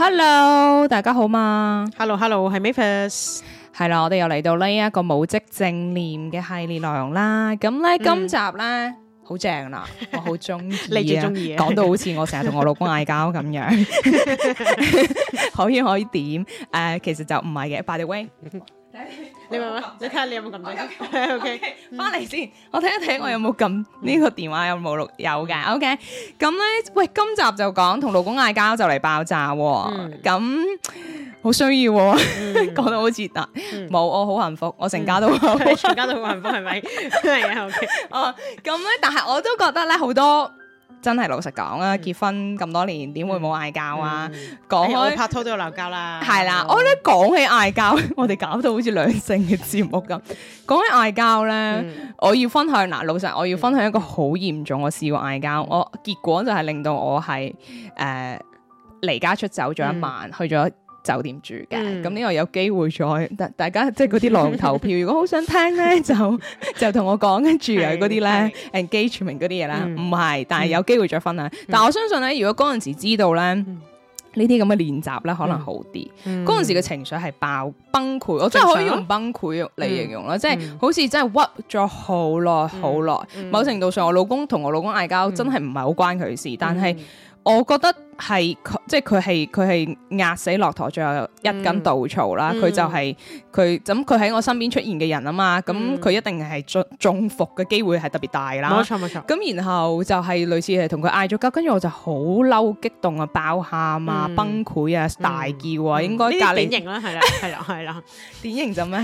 Hello，大家好嘛？Hello，Hello，係 Mavis，係啦，我哋又嚟到呢一個母職正念嘅系列內容啦。咁、嗯、咧，今集咧好正啦，我好中意你最中意、啊。講到好似我成日同我老公嗌交咁樣，可以可以點？誒、uh,，其實就唔係嘅，by the way。你明唔明？你睇下你有冇撳咁？O K，翻嚟先，我睇一睇我有冇撳。呢個電話有冇錄有嘅？O K，咁咧，喂，今集就講同老公嗌交就嚟爆炸，咁、嗯、好、 嗯、需要，講到好似啊！冇、 啊嗯，我好幸福，我成家都好、嗯、幸福，全家都好幸福，係咪？真係啊，O K。哦，咁咧，但係我都覺得咧好多。真係老實講、嗯、啊，結婚咁多年點會冇嗌交啊？講開起、哎、拍拖都要鬧交啦，係啦。我， 我覺得講起嗌交，我哋搞到好似兩性嘅節目咁。講起嗌交咧，我要分享嗱，老實我要分享一個好嚴重嘅事過嗌交，我結果就係令到我係誒離家出走咗一晚，嗯、去咗。酒店住嘅，咁呢個有機會再，但大家即係嗰啲浪投票，如果好想聽咧，就就同我講，跟住啊嗰啲咧 enchantment 嗰啲嘢啦，唔係，但係有機會再分享。但我相信咧，如果嗰陣時知道咧，呢啲咁嘅練習咧，可能好啲。嗰陣時嘅情緒係爆崩潰，我真係可以用崩潰嚟形容囉，即係好似真係屈咗好耐好耐。某程度上，我老公同我老公嗌交，真係唔係好關佢事，但係我覺得。係即係佢係佢係壓死駱駝最後一根稻草啦！佢就係佢咁佢喺我身邊出現嘅人啊嘛！咁佢一定係中中伏嘅機會係特別大啦！冇錯冇錯！咁然後就係類似係同佢嗌咗交，跟住我就好嬲激動啊！爆喊啊！崩潰啊！大叫啊！應該，典型啦係啦係啦係啦！典型就咩？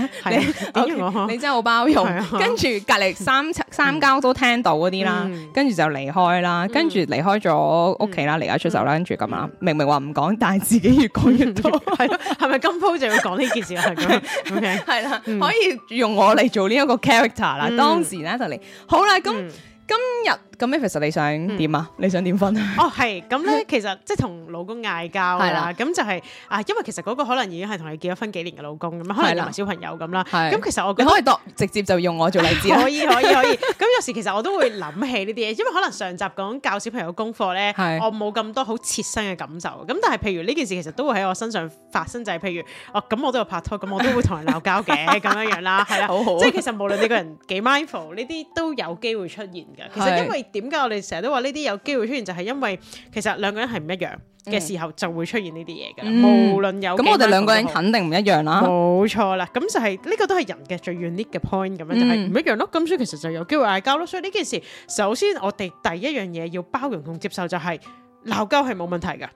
你真係好包容！跟住隔籬三三交都聽到嗰啲啦，跟住就離開啦，跟住離開咗屋企啦，離家出走啦。住咁啦，明明話唔講，但係自己越講越多，係咯，係咪今鋪就要講呢件事啊？係咁樣、 okay. 係啦，可以用我嚟做呢一個 character 啦，嗯、當時咧就嚟，好啦，咁、嗯、今日。咁 Mavis，其實你想點啊？你想點分啊？哦，係咁咧，其實即係同老公嗌交啦。咁就係啊，因為其實嗰個可能已經係同你結咗婚幾年嘅老公咁，可能同埋小朋友咁啦。咁，其實我覺得可以直接就用我做例子。可以，可以，可以。咁有時其實我都會諗起呢啲嘢，因為可能上集講教小朋友功課咧，我冇咁多好切身嘅感受。咁但係譬如呢件事其實都會喺我身上發生，就係譬如哦，咁我都有拍拖，咁我都會同人鬧交嘅咁樣樣啦。係啦，即係其實無論你個人幾 mindful，呢啲都有機會出現㗎。其實因為點解我哋成日都話呢啲有機會出現，就係、是、因為其實兩個人係唔一樣嘅時候，就會出現呢啲嘢噶。嗯、無論有咁，嗯、我哋兩個人肯定唔一樣啦、啊。冇錯啦，咁就係、是、呢、這個都係人嘅最 unique 嘅 point 咁樣，就係唔一樣咯。咁、嗯、所以其實就有機會嗌交咯。所以呢件事，首先我哋第一樣嘢要包容同接受，就係鬧交係冇問題噶。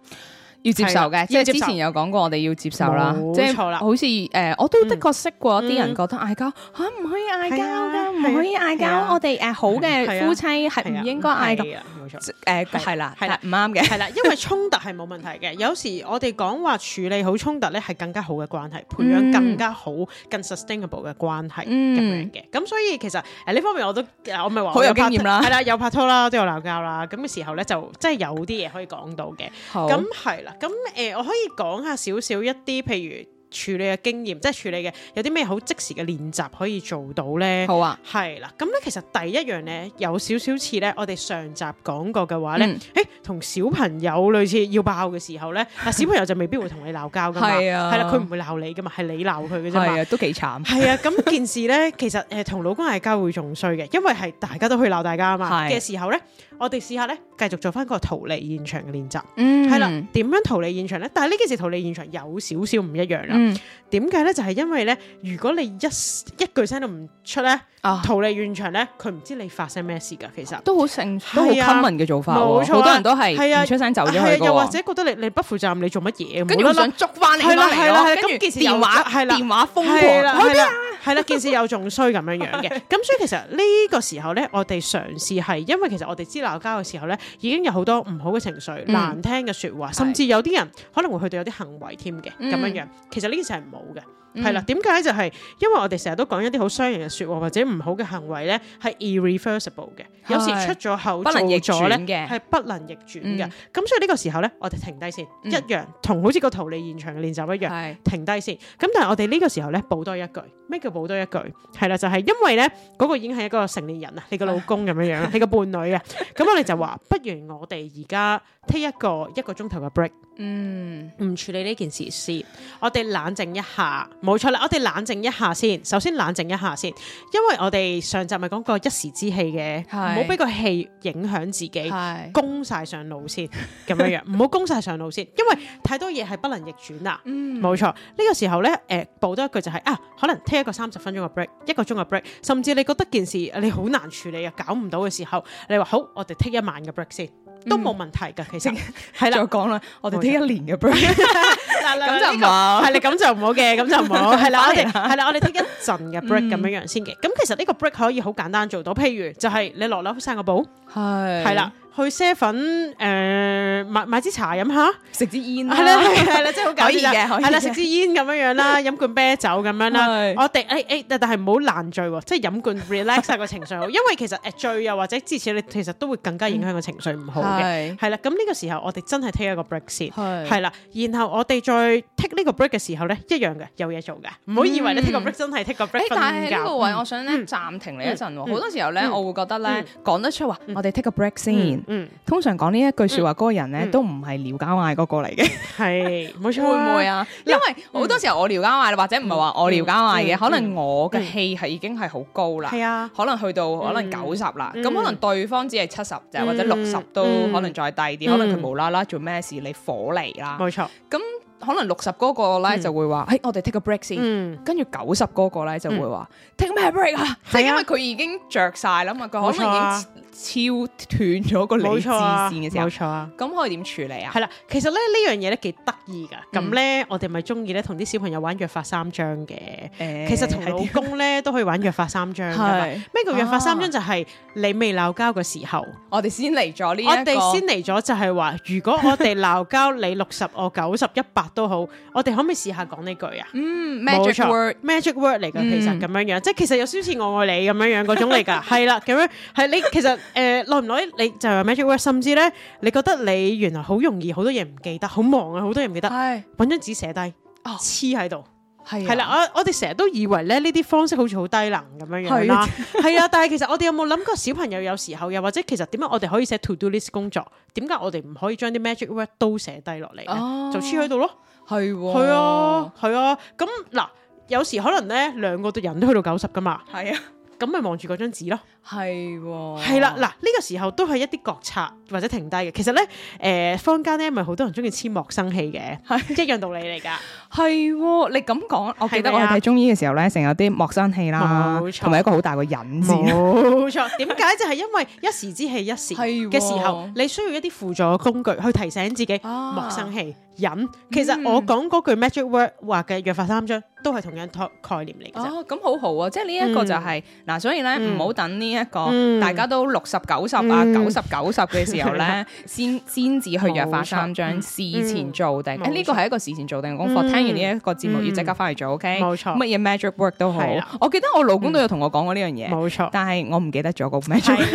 要接受嘅，因為之前有講過，我哋要接受啦。即冇錯啦，好似誒，我都的確識過一啲人，覺得嗌交可唔可以嗌交噶，唔可以嗌交。我哋誒好嘅夫妻係唔應該嗌交。冇錯，誒係啦，係啦，唔啱嘅，係啦。因為衝突係冇問題嘅，有時我哋講話處理好衝突咧，係更加好嘅關係，培養更加好、更 sustainable 嘅關係咁樣嘅。咁所以其實誒呢方面我都，我唔係話好有經驗啦，係啦，有拍拖啦，都有鬧交啦。咁嘅時候咧，就即係有啲嘢可以講到嘅。咁係啦。咁誒、呃，我可以講下少少一啲，譬如處理嘅經驗，即係處理嘅有啲咩好即時嘅練習可以做到咧？好啊，係啦。咁咧，其實第一樣咧，有少少似咧，我哋上集講過嘅話咧，誒、嗯，同、欸、小朋友類似要爆嘅時候咧，啊，小朋友就未必會同你鬧交噶嘛，係啦、 啊，佢唔會鬧你噶嘛，係你鬧佢嘅啫嘛，都幾慘。係 啊，咁件事咧，其實誒，同老公嗌交會仲衰嘅，因為係大家都可以鬧大家啊嘛嘅的時候咧。我哋試下咧，繼續做翻個逃離現場嘅練習，係啦，點樣逃離現場咧？但係呢件事逃離現場有少少唔一樣啦。點解咧？就係因為咧，如果你一一句聲都唔出咧，逃離現場咧，佢唔知你發生咩事㗎。其實都好成熟，都好謹慎嘅做法。冇錯，好多人都係係啊，唔出聲走咗去，又或者覺得你你不負責任，你做乜嘢？冇啦，想捉翻你翻嚟咯。跟住咁件事啦，電話瘋狂係啦，係啦，件事有仲衰咁樣樣嘅。咁所以其實呢個時候咧，我哋嘗試係因為其實我哋知鬧交嘅時候咧，已經有好多唔好嘅情緒、難聽嘅說話，甚至有啲人可能會去到有啲行為添嘅咁樣樣。其實呢件事係冇嘅。係啦，點解就係、是？因為我哋成日都講一啲好傷人嘅說話或者唔好嘅行為咧，係 irreversible 嘅。有時出咗口不能逆轉嘅，係不能逆轉嘅。咁、嗯、所以呢個時候咧，我哋停低先，一樣同好似個逃離現場嘅練習一樣，一樣嗯、停低先。咁但係我哋呢個時候咧，補多一句。咩叫補多一句？係啦，就係、是、因為咧，嗰、那個已經係一個成年人啊，你個老公咁樣樣，唉你個伴侶啊。咁我哋就話，不如我哋而家 take 一個一個鐘頭嘅 break，嗯，唔處理呢件事先，我哋冷靜一下。冇錯啦，我哋冷靜一下先。首先冷靜一下先，因為我哋上集咪講過一時之氣嘅，唔好俾個氣影響自己，係是攻晒上腦先咁樣樣，唔好 攻晒上腦先，因為太多嘢係不能逆轉啦。冇錯，呢個時候咧，誒、呃，補多一句就係、是、啊，可能 take 一個三十分鐘嘅 break，一個鐘嘅 break，甚至你覺得件事你好難處理啊，搞唔到嘅時候，你話好，我哋 take 一晚嘅 break 先。都冇問題噶，其實係啦，再講啦，我哋聽一年嘅 break，咁就唔好，係，你咁就唔好嘅，咁就唔好，係啦，我哋係啦，我哋聽一陣嘅 break 咁樣樣先嘅，咁其實呢個 break 可以好簡單做到，譬如就係你落樓散個步，係係啦。去些粉，誒，買買支茶飲下，食支煙，係啦係啦，真係好搞笑嘅，係啦，食支煙咁樣樣啦，飲罐啤酒咁樣啦。我哋誒誒，但係唔好爛醉，即係飲罐 relax 晒個情緒好，因為其實誒醉又或者至少你其實都會更加影響個情緒唔好嘅。係啦，咁呢個時候我哋真係 take 一個 break 先，係啦，然後我哋再 take 呢個 break 嘅時候咧，一樣嘅有嘢做嘅，唔好以為你 take 個 break 真係 take 個 break 瞓覺。誒，但係呢個位，我想咧暫停你一陣，好多時候咧我會覺得咧講得出話，我哋 take 個 break 先。嗯，通常講呢一句說話，嗰個人咧都唔係撩交嗌嗰個嚟嘅，係冇錯。會唔會啊？因為好多時候我撩交嗌，或者唔係話我撩交嗌嘅，可能我嘅氣係已經係好高啦，係啊，可能去到可能九十啦，咁可能對方只係七十啫或者六十都可能再低啲，可能佢無啦啦做咩事你火嚟啦，冇錯，咁。可能六十嗰個咧就會話，誒，我哋 take a break 先。跟住九十嗰個咧就會話：take 咩 break 啊？即係因為佢已經著曬啦嘛，佢可能已經超斷咗個理智線嘅時候。冇錯啊，咁可以點處理啊？係啦，其實咧呢樣嘢咧幾得意噶。咁咧我哋咪中意咧同啲小朋友玩約法三章嘅。誒，其實同老公咧都可以玩約法三章㗎嘛。咩叫約法三章？就係你未鬧交嘅時候，我哋先嚟咗呢我哋先嚟咗就係話，如果我哋鬧交，你六十我九十一百。都好，我哋可唔可以試下講呢句啊？嗯，magic word，magic word 嚟噶，其實咁樣樣，嗯、即係其實有少少似我愛你咁 樣樣嗰種嚟噶，係啦，咁樣係你其實誒耐唔耐，呃、久久你就係 magic word，甚至咧，你覺得你原來好容易好多嘢，唔記得，好忙啊，好多嘢唔記得，係搵張紙寫低，黐喺度。Oh. 係係啦，我我哋成日都以為咧呢啲方式好似好低能咁樣樣啦，係啊。 但係其實我哋有冇諗過小朋友有時候又或者其實點解我哋可以寫 to do list 工作，點解我哋唔可以將啲 magic word 都寫低落嚟咧？哦、就黐喺度咯，係喎，係啊，係啊。咁嗱、啊啊，有時可能咧兩個人都去到九十噶嘛，係啊。咁咪望住嗰張紙咯，係喎、哦，係啦，嗱呢、呢個時候都係一啲覺察，或者停低嘅。其實咧，誒坊間咧，咪好多人中意黐莫生氣嘅，係嗎 一樣道理嚟噶，係、哦。你咁講，我記得我去睇中醫嘅時候咧，成日嗎有啲莫生氣啦，同埋錯一個好大個引子，冇錯。點解 就係、是、因為一時之氣，一時嘅時候、哦、你需要一啲輔助工具去提醒自己莫生氣。啊忍，其實我講嗰句 magic work 話嘅約法三章，都係同樣概念嚟嘅。哦，咁好好啊！即係呢一個就係嗱，所以咧，唔好等呢一個大家都六十九十啊、九十九十嘅時候咧，先先至去約法三章，事前做定。誒呢個係一個事前做定功課，聽完呢一個節目要即刻翻嚟做，OK？冇錯，乜嘢 magic work 都好。我記得我老公都有同我講過呢樣嘢，冇錯。但係我唔記得咗個 magic。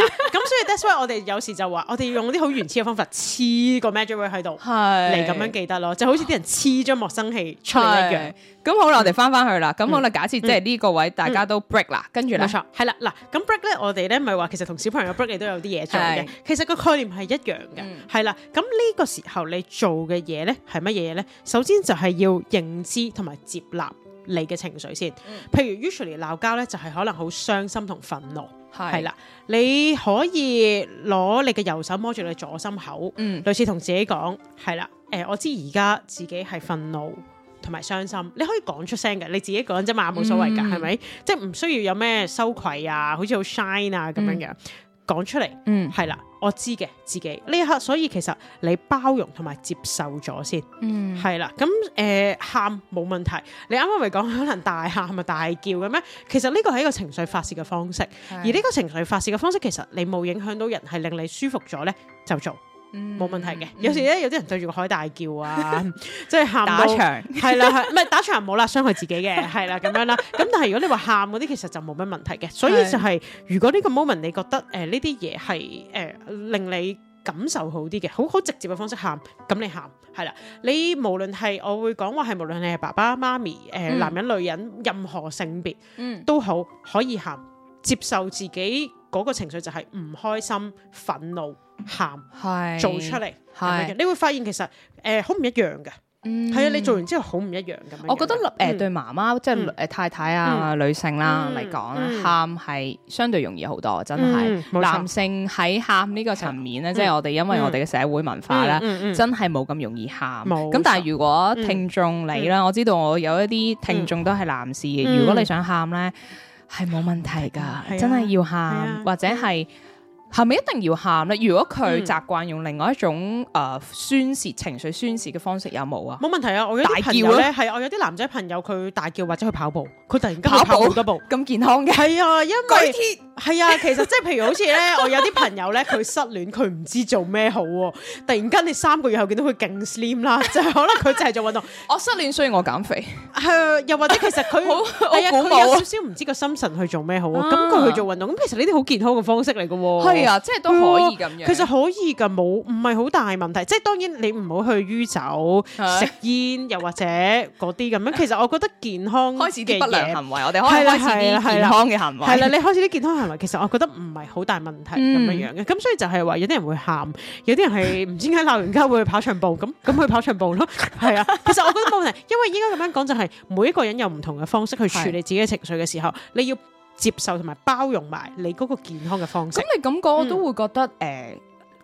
所以我哋有時就話，我哋要用啲好原始嘅方法黐 個 magic 喺度，係嚟咁樣記得咯，就好似啲人黐咗陌生器出嚟一樣。咁好啦，我哋翻翻去啦。咁、嗯、好啦，假設即係呢個位大家都 break 啦，嗯嗯、跟住啦，係啦嗱。咁 break 咧，我哋咧咪話其實同小朋友 break 都有啲嘢做嘅。是其實個概念係一樣嘅，係啦、嗯。咁呢個時候你做嘅嘢咧係乜嘢咧？首先就係要認知同埋接納。你嘅情緒先，譬如、嗯、usually 鬧交呢，就係可能好傷心同憤怒，係啦是。你可以攞你嘅右手摸住你左心口，嗯，類似同自己講，係啦。誒、呃，我知而家自己係憤怒同埋傷心，你可以講出聲嘅，你自己講啫嘛，冇所謂㗎，係咪、嗯？即係唔需要有咩羞愧啊，好似好 shine 啊咁樣樣。嗯講出嚟，係啦、嗯，我知嘅自己呢一刻，所以其實你包容同埋接受咗先，係啦、嗯，咁誒喊冇問題，你啱啱咪講可能大喊咪大叫嘅咩？其實呢個係一個情緒發洩嘅方式，的而呢個情緒發洩嘅方式，其實你冇影響到人，係令你舒服咗呢，就做。冇問題嘅，嗯、有時咧有啲人對住個海大叫啊， 即係喊打場，係 啦係，唔係打場冇啦，傷害自己嘅，係啦咁樣啦。咁 但係如果你話喊嗰啲，其實就冇乜問題嘅。所以就係、係、係如果呢個 moment 你覺得誒呢啲嘢係誒令你感受好啲嘅，好好直接嘅方式喊，咁你喊係啦。你無論係我會講話係無論你係爸爸媽咪誒、呃嗯、男人女人任何性別，都好、嗯、都好可以喊接受自己。嗰個情緒就係唔開心、憤怒、喊，做出嚟，係你會發現其實誒好唔一樣嘅，係啊！你做完之後好唔一樣咁。我覺得誒對媽媽即係誒太太啊女性啦嚟講喊係相對容易好多，真係。男性喺喊呢個層面咧，即係我哋因為我哋嘅社會文化咧，真係冇咁容易喊。咁但係如果聽眾你啦，我知道我有一啲聽眾都係男士嘅，如果你想喊咧。係冇問題㗎，的真係要喊的或者係。係咪一定要喊咧？如果佢習慣用另外一種誒宣泄情緒、宣泄嘅方式有冇啊？冇問題啊！我有啲朋友咧，係我有啲男仔朋友，佢大叫或者去跑步，佢突然間跑好多步，咁健康嘅係啊，因為係啊，其實即係譬如好似咧，我有啲朋友咧，佢失戀，佢唔知做咩好，突然間你三個月後見到佢勁 slim 啦，就係可能佢就係做運動。我失戀，所以我減肥。係啊，又或者其實佢好，我有少少唔知個心神去做咩好啊？咁佢去做運動，咁其實呢啲好健康嘅方式嚟㗎喎。即係都可以咁樣，其實可以噶，冇唔係好大問題。即係當然你唔好去酗酒、食煙，又或者嗰啲咁樣。其實我覺得健康開始啲不良行為，我哋可以開始健康嘅行為。係啦，你開始啲健康行為，其實我覺得唔係好大問題咁、嗯、樣樣嘅。咁所以就係話有啲人會喊，有啲人係唔知點解鬧完交會去跑長步，咁咁 去跑長步咯。係啊，其實我覺得冇問題， 因為依家咁樣講就係每一個人有唔同嘅方式去處理自己嘅情緒嘅時候，的你要。接受同埋包容埋你嗰個健康嘅方式，咁你咁講我都會覺得，誒、嗯呃，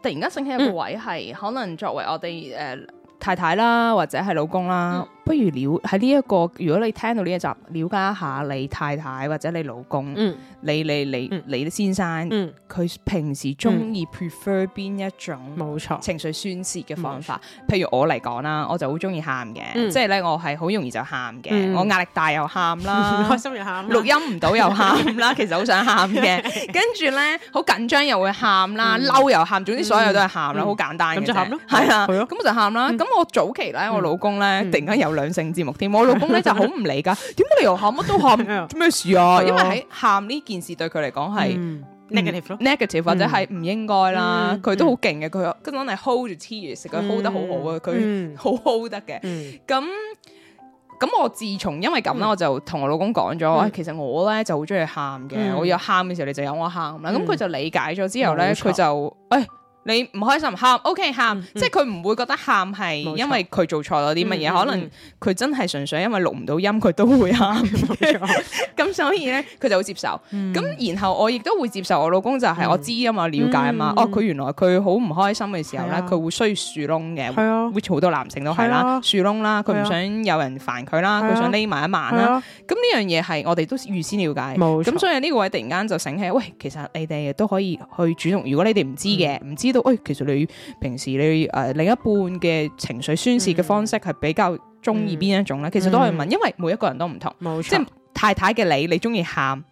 突然間醒起一個位係，嗯、可能作為我哋誒、呃、太太啦，或者係老公啦。嗯不如了喺呢一個，如果你聽到呢一集，了解一下你太太或者你老公，你你你你先生，佢平時中意 prefer 邊一種？冇錯，情緒宣泄嘅方法。譬如我嚟講啦，我就好中意喊嘅，即係咧我係好容易就喊嘅，我壓力大又喊啦，開心又喊，錄音唔到又喊啦，其實好想喊嘅。跟住咧好緊張又會喊啦，嬲又喊，總之所有都係喊啦，好簡單咁就喊咯，係啊，咁我就喊啦。咁我早期咧，我老公咧突然間有良性節目添，我老公咧就好唔理噶，點解你又喊？乜都喊咩事啊？因為喺喊呢件事對佢嚟講係 negative 咯，negative 或者係唔應該啦。佢都好勁嘅，佢根本係 hold 住 tears，佢 hold 得好好啊，佢好 hold 得嘅。咁咁，我自從因為咁啦，我就同我老公講咗，其實我咧就好中意喊嘅，我有喊嘅時候，你就有我喊啦。咁佢就理解咗之後咧，佢就誒。你唔開心喊，OK 喊，即係佢唔會覺得喊係因為佢做錯咗啲乜嘢，可能佢真係純粹因為錄唔到音，佢都會喊。咁所以咧，佢就會接受。咁然後我亦都會接受我老公就係我知啊嘛，了解啊嘛。哦，佢原來佢好唔開心嘅時候咧，佢會衰樹窿嘅，係啊，會好多男性都係啦，樹窿啦，佢唔想有人煩佢啦，佢想匿埋一晚啦。咁呢樣嘢係我哋都預先了解，冇。咁所以呢個位突然間就醒起，喂，其實你哋都可以去主動，如果你哋唔知嘅，唔知道。喂，其實你平時你誒另一半嘅情緒宣泄嘅方式係比較中意邊一種咧？其實都可以問，因為每一個人都唔同，冇錯，即係太太嘅你，你中意喊，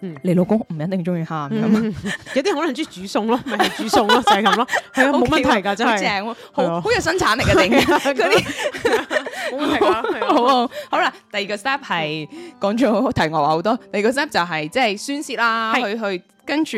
嗯，你老公唔一定中意喊咁啊，有啲可能中意煮餸咯，咪 煮餸咯，就係咁咯，係啊， 冇問題噶，真係、okay, okay，好正喎，好有生產力嘅定。Oh God, yeah. 好，好啦。第二個 step 係講咗題外話好多。第二個 step 就係即係宣泄啦，是去去跟住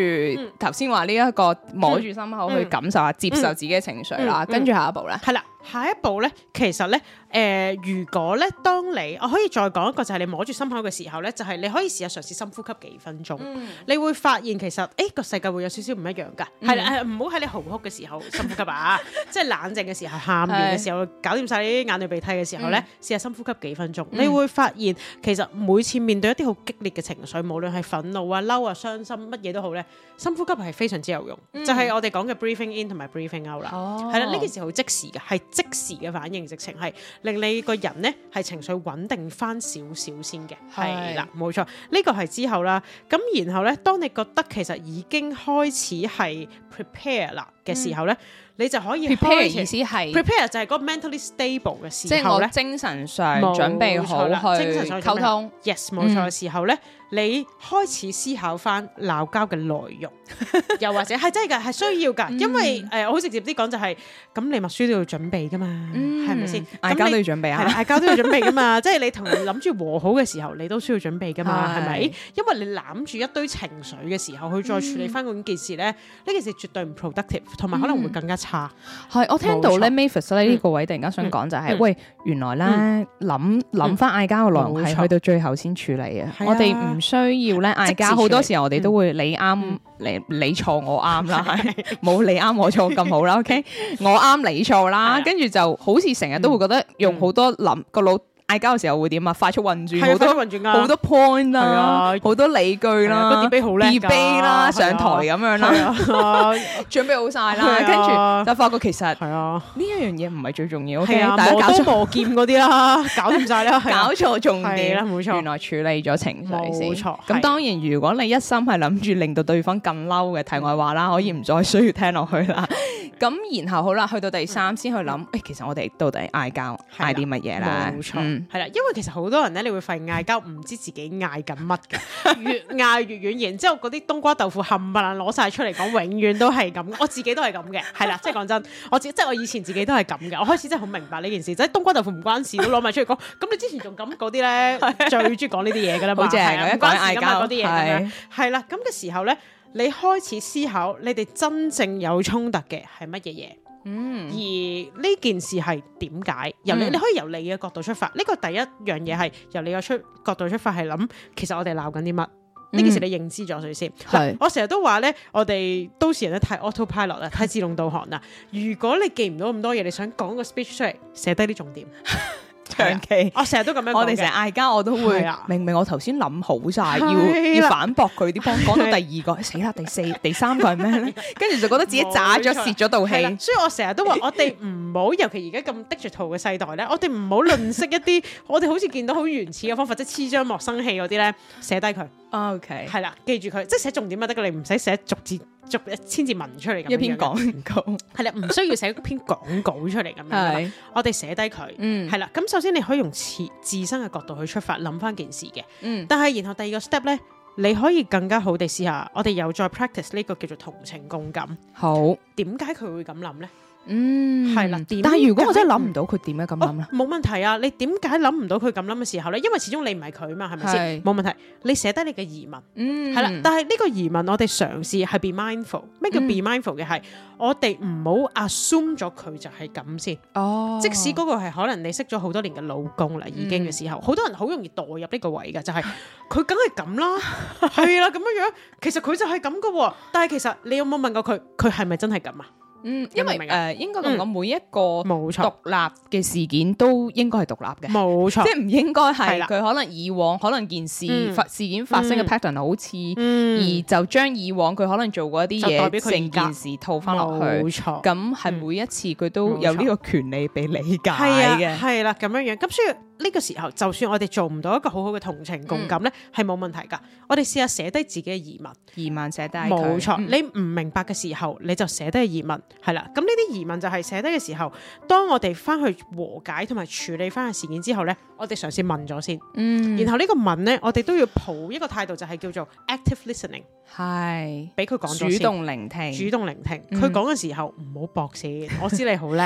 頭先話呢一個摸住心口去感受下、嗯、接受自己嘅情緒啦。嗯、跟住下一步咧，係啦，下一步咧，其實咧。誒、呃，如果咧，當你我可以再講一個，就係、是、你摸住心口嘅時候咧，就係、是、你可以試下嘗試深呼吸幾分鐘，嗯、你會發現其實誒個世界會有少少唔一樣㗎。係係，唔好喺你嚎哭嘅時候深呼吸啊，即係冷靜嘅時候、喊完嘅時候、搞掂晒你啲眼淚鼻涕嘅時候咧，試下深呼吸幾分鐘，你會發現其實每次面對一啲好激烈嘅情緒，無論係憤怒啊、嬲啊、傷心乜嘢都好咧，深呼吸係非常之有用，嗯、就係我哋講嘅 breathing in 同埋 breathing out 啦。係啦、哦，呢件、這個、時候即時㗎，係即時嘅反應，直情係。令你個人咧係情緒穩定返少少先嘅，係啦，冇錯，呢個係之後啦。咁然後咧，當你覺得其實已經開始係 prepare 啦嘅時候咧，嗯、你就可以開始 prepare 意思係 prepare 就係嗰 mentally stable 嘅時候咧，精神上準備好精神上，溝通。Yes，冇錯嘅時候咧。嗯你開始思考翻鬧交嘅內容，又或者係真係㗎，係需要㗎。因為誒，我好直接啲講就係，咁你默書都要準備㗎嘛，係咪先？嗌交都要準備啊，嗌交都要準備㗎嘛。即係你同人諗住和好嘅時候，你都需要準備㗎嘛，係咪？因為你攬住一堆情緒嘅時候，去再處理翻嗰件事咧，呢件事絕對唔 productive，同埋可能會更加差。係，我聽到咧，Mavis 呢個位突然間想講就係，喂，原來咧諗諗翻嗌交嘅內容係去到最後先處理嘅。我哋唔～唔需要咧嗌交，好多時候我哋都會你啱你你錯我啱啦，係冇你啱我錯咁好，okay? 錯啦。OK，我啱你錯啦，跟住就好似成日都會覺得用好多諗個腦。嗯嗯嗌交嘅時候會點啊？快速運轉，好多運轉啊，好多 point 啊，好多理據啦 debate 好叻，debate 啦，上台咁樣啦，準備好晒啦，跟住就發覺其實呢一樣嘢唔係最重要，大家搞錯劍嗰啲啦，搞掂晒啦，搞錯重點啦，冇錯，原來處理咗情緒先，冇錯。咁當然如果你一心係諗住令到對方咁嬲嘅題外話啦，可以唔再需要聽落去啦。咁然後好啦，去到第三先去諗，其實我哋到底嗌交嗌啲乜嘢啦？冇錯。係啦，嗯、因為其實好多人咧，你會發現嗌交，唔知自己嗌緊乜嘅，越嗌越遠。然之後嗰啲冬瓜豆腐冚唪唥攞晒出嚟講，永遠都係咁，我自己都係咁嘅。係啦，即係講真，我自即係我以前自己都係咁嘅。我開始真係好明白呢件事，即係冬瓜豆腐唔關事都攞埋出嚟講。咁、 嗯、你之前仲咁嗰啲咧，呢 最中意講呢啲嘢噶啦，冇錯唔關嗌交嗰啲嘢。係啦，咁嘅、嗯、時候咧，你開始思考你，你哋真正有衝突嘅係乜嘢嘢？嗯，而呢件事係點解？由你、嗯、你可以由你嘅角度出發，呢、呢個第一樣嘢係由你嘅出角度出發，係諗其實我哋鬧緊啲乜？呢、嗯、件事你認知咗佢、嗯、先。係是，我成日都話咧，我哋都市人都太 autopilot 啦，太自動導航啦。 如果你記唔到咁多嘢，你想講個 speech 出嚟，寫低啲重點。 長期，我成日都咁樣，我哋成日嗌交，我都會啊，明明我頭先諗好晒，要要反駁佢啲方，講到第二個死啦，第四、第三個係咩咧？跟住就覺得自己渣咗，蝕咗道氣。所以我成日都話，我哋唔好，尤其而家咁 digital 嘅世代咧，我哋唔好吝嗇一啲，我哋好似見到好原始嘅方法，即係黐張莫生氣嗰啲咧，寫低佢。OK，係啦，記住佢，即係寫重點就得噶，你唔使寫逐字。逐一千字文出嚟咁一篇廣告，係啦， 唔需要寫篇廣告出嚟咁樣。 我哋寫低佢，嗯，係啦。咁首先你可以用自自身嘅角度去出發，諗翻件事嘅，嗯。但係然後第二個 step 咧，你可以更加好地試下，我哋又再 practice 呢個叫做同情共感。好，點解佢會咁諗咧？嗯，係啦了，但係如果我真係諗唔到佢點樣咁諗啦，冇、嗯哦、問題啊！你點解諗唔到佢咁諗嘅時候咧？因為始終你唔係佢嘛，係咪先？冇是問題，你寫低你嘅疑問，係啦、嗯。但係呢個疑問，我哋嘗試係 be mindful。咩叫 be mindful 嘅係？嗯、我哋唔好 assume 咗佢就係咁先。哦，即使嗰個係可能你識咗好多年嘅老公啦，嗯、已經嘅時候，好多人好容易墮入呢個位噶，就係佢梗係咁啦，係 啦咁樣樣。其實佢就係咁噶，但係其實你有冇問過佢？佢係咪真係咁啊？嗯，因為誒、呃，應該咁講、嗯、每一個獨立嘅事件都應該係獨立嘅，冇錯。即係唔應該係佢可能以往、嗯、可能件事發、嗯、事件發生嘅 pattern 好似，嗯、而就將以往佢可能做過一啲嘢，成件事套翻落去。冇錯。咁係每一次佢都有呢個權利俾理解嘅，係啦、嗯，咁、啊啊、樣樣咁所以。呢個時候，就算我哋做唔到一個好好嘅同情共感呢，係冇問題噶。我哋試、試寫下寫低自己嘅疑問，疑問寫低。冇錯，嗯、你唔明白嘅時候，你就寫低疑問，係啦。咁呢啲疑問就係寫低嘅時候，當我哋翻去和解同埋處理翻個事件之後呢，我哋嘗試問咗先。嗯、然後呢個問呢，我哋都要抱一個態度，就係、是、叫做 active listening，係是，俾佢講咗先。主動聆聽，主動聆聽。佢講嘅時候唔好駁先，我知你好叻。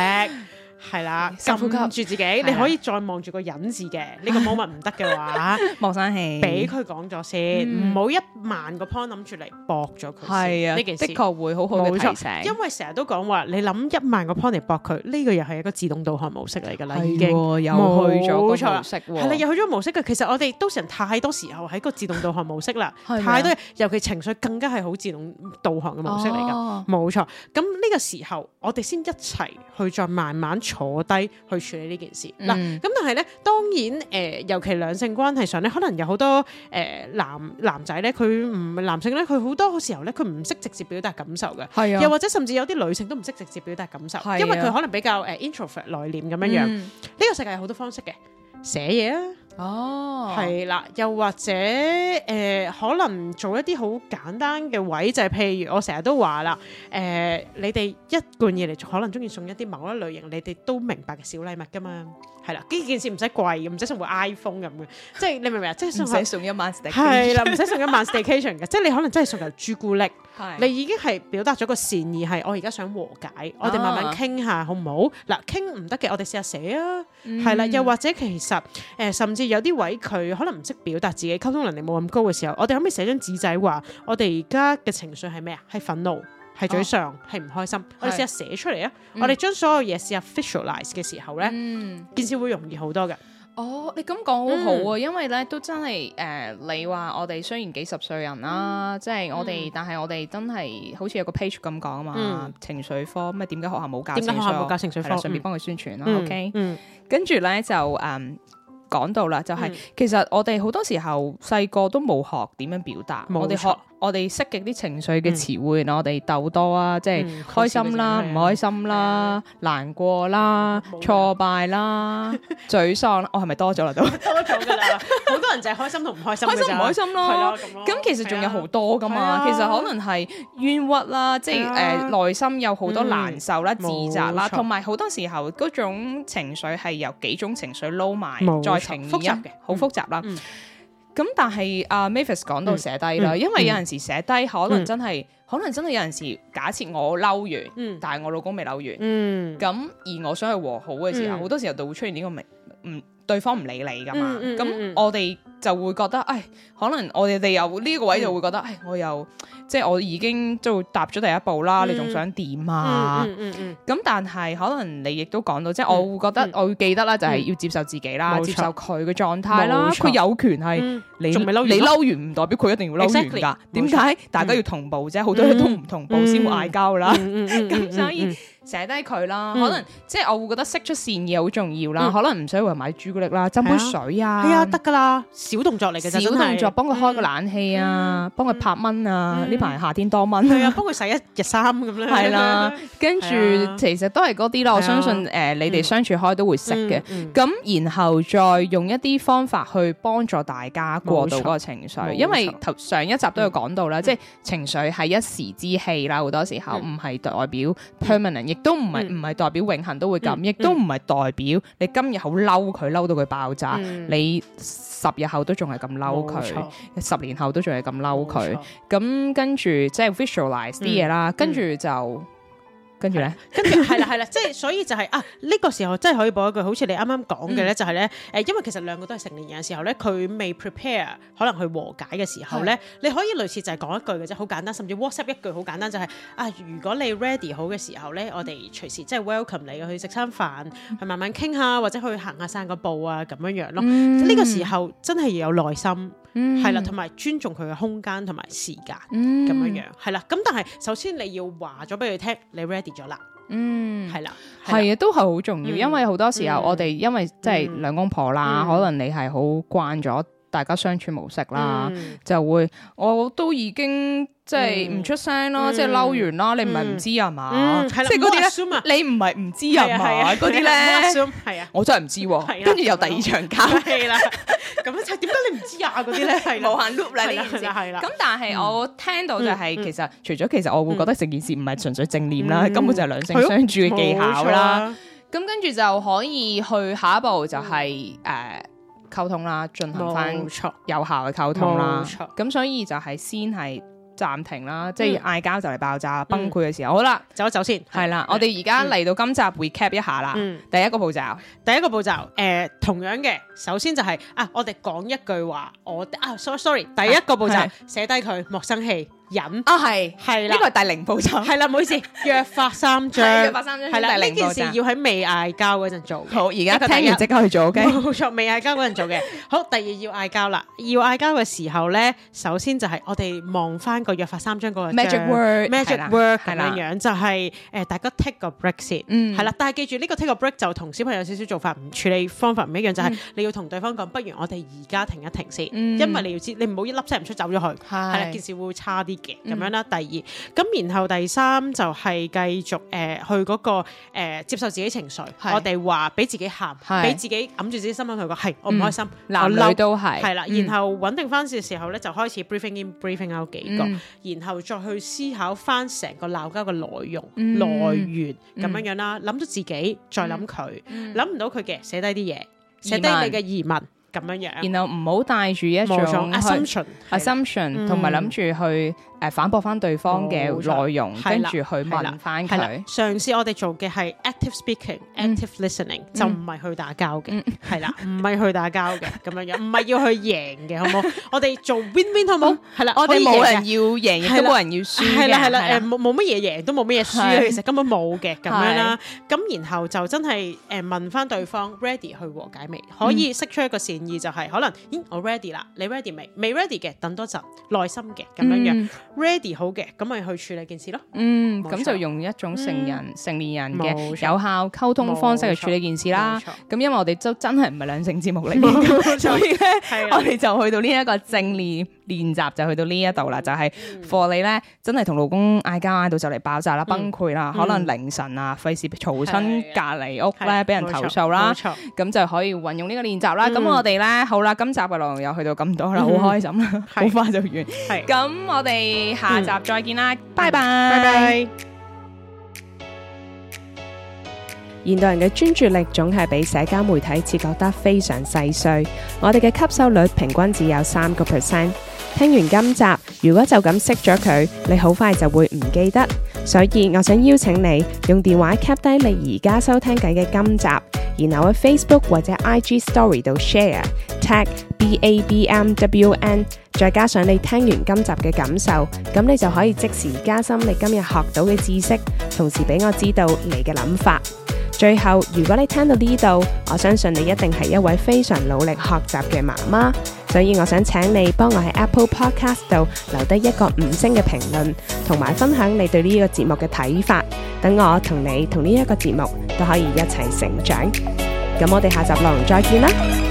係啦，撳住自己，你可以再望住個忍字嘅。呢個 moment 唔得嘅話，咪生氣，俾佢講咗先，唔好一萬個 point 諗住嚟駁咗佢。係啊，呢件事的確會好好嘅提醒。因為成日都講話，你諗一萬個 point 嚟駁佢，呢個又係一個自動導航模式嚟噶啦，已經入去咗模式。係啦，入去咗模式嘅。其實我哋都市人太多時候係一個自動導航模式啦，太多，尤其情緒更加係好自動導航嘅模式嚟噶。冇錯。咁呢個時候，我哋先一齊去再慢慢。坐低去處理呢件事嗱，咁、嗯、但係咧，當然誒、呃，尤其兩性關係上咧，可能有好多誒、呃、男男仔咧，佢唔男性咧，佢好多好時候咧，佢唔識直接表達感受嘅，係是啊，又或者甚至有啲女性都唔識直接表達感受，是啊、因為佢可能比較誒 introvert 內斂咁樣樣，呢、呃嗯、個世界有好多方式嘅，寫嘢啊。哦，係啦，又或者誒，可能做一啲好簡單嘅位，就係譬如我成日都話啦，誒，你哋一貫以嚟，可能中意送一啲某一類型，你哋都明白嘅小禮物噶嘛，係啦，呢件事唔使貴，唔使送部 iPhone 咁嘅，即係你明唔明啊？即係唔使送一晚 staycation，係啦，唔使送一晚 staycation 嘅，即係你可能真係送嚿朱古力，係，你已經係表達咗個善意係，我而家想和解，我哋慢慢傾下好唔好？嗱，傾唔得嘅，我哋試下寫啊，係啦，又或者其實誒，甚至。有啲位佢可能唔識表達自己，溝通能力冇咁高嘅時候，我哋可唔可以寫張紙仔話我哋而家嘅情緒係咩啊？係憤怒，係沮喪，係唔開心。我哋試下寫出嚟啊！我哋將所有嘢試下 visualize 嘅時候咧，件事會容易好多嘅。哦，你咁講好好啊，因為咧都真係誒，你話我哋雖然幾十歲人啦，即係我哋，但係我哋真係好似有個 page 咁講啊嘛，情緒科咪點解學校冇教？點解學校冇教情緒科？順便幫佢宣傳啦，OK？嗯，跟住咧就誒。講到啦，就係、是嗯、其實我哋好多時候細個都冇學點樣表達，冇錯，我哋學。我哋積極啲情緒嘅詞彙，我哋鬥多啊，即係開心啦、唔開心啦、難過啦、挫敗啦、沮喪啦，我係咪多咗啦？都多咗嘅啦，好多人就係開心同唔開心，開心唔開心咯。咁其實仲有好多㗎嘛，其實可能係冤屈啦，即係誒內心有好多難受啦、自責啦，同埋好多時候嗰種情緒係由幾種情緒撈埋再呈現，好複雜啦。咁但係阿、uh, Mavis 講到寫低啦，嗯、因為有陣時寫低、嗯、可能真係，嗯、可能真係有陣時假設我嬲完，嗯、但係我老公未嬲完，咁、嗯、而我想去和好嘅時候，好、嗯、多時候就會出現呢、這個名、嗯對方唔理你㗎嘛，咁我哋就會覺得，唉，可能我哋哋又呢個位就會覺得，唉，我又即係我已經就踏咗第一步啦，你仲想點啊？咁但係可能你亦都講到，即係我會覺得，我會記得啦，就係要接受自己啦，接受佢嘅狀態啦，佢有權係你，仲未嬲，你嬲完唔代表佢一定要嬲完㗎，點解大家要同步啫？好多人都唔同步先會嗌交㗎啦，咁所以。寫低佢啦，可能即係我會覺得識出善意好重要啦。可能唔使為買朱古力啦，斟杯水啊，係啊，得㗎啦，小動作嚟嘅啫，小動作幫佢開個冷氣啊，幫佢拍蚊啊，呢排夏天多蚊啊，幫佢洗一日衫咁樣，係啦，跟住其實都係嗰啲啦。我相信誒你哋相處開都會識嘅。咁然後再用一啲方法去幫助大家過渡嗰個情緒，因為頭上一集都有講到啦，即係情緒係一時之氣啦，好多時候唔係代表 permanent 都唔係唔係代表永恆都會咁，嗯、亦都唔係代表你今日好嬲佢，嬲到佢爆炸，嗯、你十日後都仲係咁嬲佢，錯十年後都仲係咁嬲佢，咁錯、嗯嗯、跟住即係 visualise 啲嘢啦，嗯、跟住就。跟住咧， 跟住係啦，係啦，即係所以就係、是、啊，呢、這個時候真係可以補一句，好似你啱啱講嘅咧，嗯、就係咧，誒，因為其實兩個都係成年人嘅時候咧，佢未 prepare 可能去和解嘅時候咧，的你可以類似就係講一句嘅啫，好簡單，甚至 WhatsApp 一句好簡單，就係、是、啊，如果你 ready 好嘅時候咧，我哋隨時即係 welcome 你去食餐飯，去慢慢傾下，或者去行下散個步啊，咁樣樣咯。呢、嗯、個時候真係要有耐心。係啦，同埋、嗯、尊重佢嘅空間同埋時間咁樣、嗯、樣，係啦。咁但係首先你要話咗俾佢聽，你 ready 咗啦。嗯，係啦，係啊，都係好重要，嗯、因為好多時候我哋、嗯、因為即係兩公婆啦，嗯、可能你係好慣咗。大家相處模式啦，就會我都已經即係唔出聲啦，即係嬲完啦，你唔係唔知啊嘛，即係嗰啲咧，你唔係唔知啊嘛，嗰啲咧，係啊，我真係唔知喎，跟住又第二場交，咁樣，點解你唔知啊，嗰啲咧，無限 loop 呢件事係啦，你知，咁但係我聽到就係，其實除咗，其實我會覺得成件事唔係純粹正念啦，根本就係兩性相處嘅技巧啦，咁跟住就可以去下一步就係誒。溝通啦，進行翻有效嘅溝通啦，咁錯所以就係先係暫停啦，嗯、即係嗌交就嚟爆炸，嗯、崩潰嘅時候。好啦，走一走先，係啦的，的我哋而家嚟到今集 recap 一下啦。第一個步驟，第一個步驟，誒，同樣嘅，首先就係、是、啊，我哋講一句話，我啊，sorry sorry，第一個步驟寫低佢，莫生氣。忍啊，係係啦，呢個係第零步驟，係啦，唔好意思，約法三章，係約法三章，係啦，呢件事要喺未嗌交嗰陣做，好，而家聽完即刻去做，冇錯，未嗌交嗰陣做嘅，好，第二要嗌交啦，要嗌交嘅時候咧，首先就係我哋望翻個約法三章嗰個 magic word，magic word 咁樣樣，就係誒大家 take 個 break 先，嗯，係啦，但係記住呢個 take 個 break 就同小朋友少少做法唔處理方法唔一樣，就係你要同對方講，不如我哋而家停一停先，因為你要知你唔好一粒聲唔出走咗去，係啦，件事會差啲。咁樣啦，第二，咁然後第三就係繼續誒去嗰個誒接受自己情緒，我哋話俾自己喊，俾自己揞住自己心口，佢講係我唔開心，男女都係係啦，然後穩定翻嘅時候咧，就開始 breathing in，breathing out 幾個，然後再去思考翻成個鬧交嘅內容來源咁樣樣啦，諗到自己再諗佢，諗唔到佢嘅寫低啲嘢，寫低你嘅疑問咁樣樣，然後唔好帶住一種 assumption，assumption 同埋諗住去。誒反駁翻對方嘅內容，跟住去問翻佢。上次我哋做嘅係 active speaking，active listening，就唔係去打交嘅，係啦，唔係去打交嘅咁樣樣，唔係要去贏嘅，好唔好？我哋做 win win，好唔好？係啦，我哋冇人要贏，都冇人要輸，係啦係啦誒，冇冇乜嘢贏都冇乜嘢輸，其實根本冇嘅咁樣啦。咁然後就真係誒問翻對方 ready 去和解未？可以釋出一個善意，就係可能咦我 ready 啦，你 ready 未？未 ready 嘅等多陣，耐心嘅咁樣樣。Ready 好嘅，咁咪去處理件事咯。嗯，咁就用一種成人、嗯、成年人嘅有效溝通方式去處理件事啦。咁因為我哋都真係唔係兩性節目嚟，錯 所以咧呢，的我哋就去到呢一個正念。練習就去到呢一度啦，就係 for 你呢，真係同老公嗌交嗌到就嚟爆炸啦，崩潰啦，可能凌晨啊，費事嘈親隔離屋咧，俾人投訴啦。咁就可以運用呢個練習啦。咁我哋呢，好啦，今集嘅內容又去到咁多啦，好開心啦，好快就完。係咁，我哋下集再見啦，拜拜。現代人嘅專注力總係俾社交媒體切割得非常細碎，我哋嘅吸收率平均只有三個 percent。聽完今集，如果就咁熄咗佢，你好快就會唔記得，所以我想邀請你用電話 cap 低你而家收聽緊嘅今集，然後喺 Facebook 或者 IG Story 度 share tag B A B M W N，再加上你聽完今集嘅感受，咁你就可以即時加深你今日學到嘅知識，同時俾我知道你嘅諗法。最後，如果你聽到呢度，我相信你一定係一位非常努力學習嘅媽媽。所以我想請你幫我喺 Apple Podcast 度留低一個五星嘅評論，同埋分享你對呢個節目嘅睇法。等我同你同呢一個節目都可以一齊成長。咁我哋下集內容再見啦！